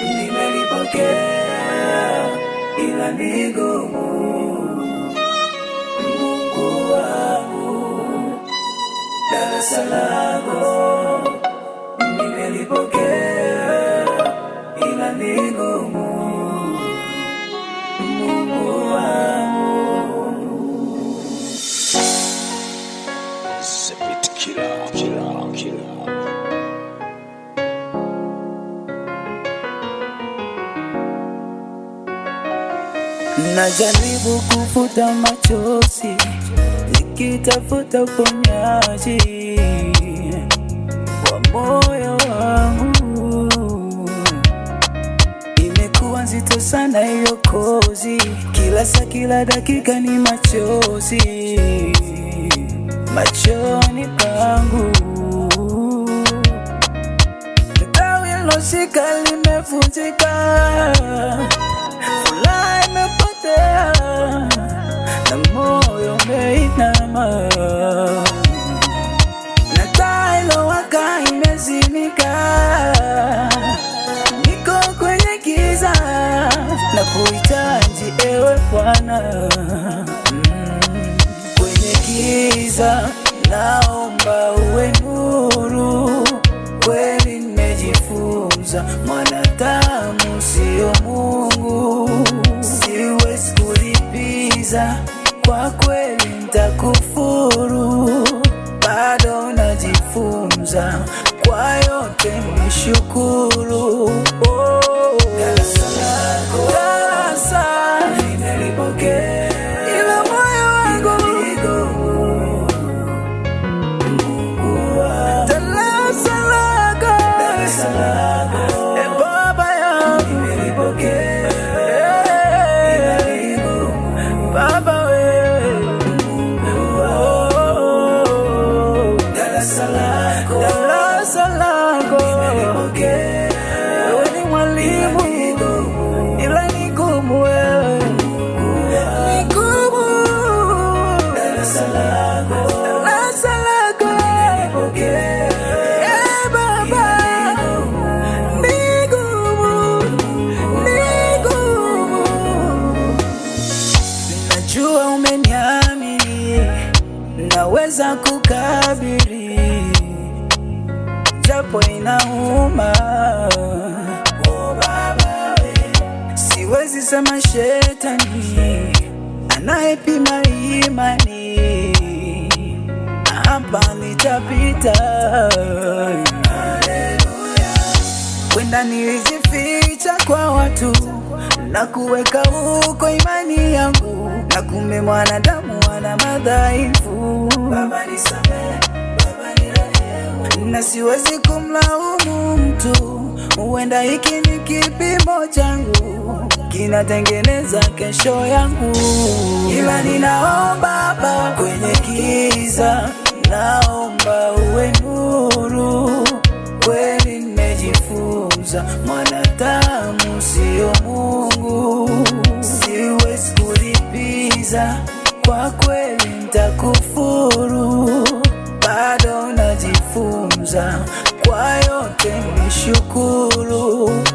nimelipokea ila ni gumu, Mungu wangu, nimelipokea ila ni gumu Najaribu kufuta machozi nikitafuta uponyaji wa moyo wangu. Imekuwa nzito sana hiyo kozi, kila saa kila dakika ni machozi machoni pangu. Tawi losika limevunjika moyo umeinama na taa ilowaka imezimika, niko kwenye giza na kuhitaji ewe Bwana mm. Kwenye giza naomba uwe nuru darasa lako, wewe ni mwalimu ila ni gumu wewe ee Najua umeniamini naweza kukabiri japo inauma oh, siwezi sema shetani anayepima imani hapa nitapita, kwenda nilijificha kwa watu na kuweka huko imani yangu, na kumbe mwanadamu ana madhaifu na siwezi kumlaumu mtu. Huenda hiki ni kipimo changu kinatengeneza kesho yangu, ila ninaomba Baba, kwenye kiza naomba uwe nuru. Kweli nimejifunza mwanadamu sio Mungu, siwezi kulipiza kwa kweli ntakufuru kuzungumza, kwa yote nishukuru.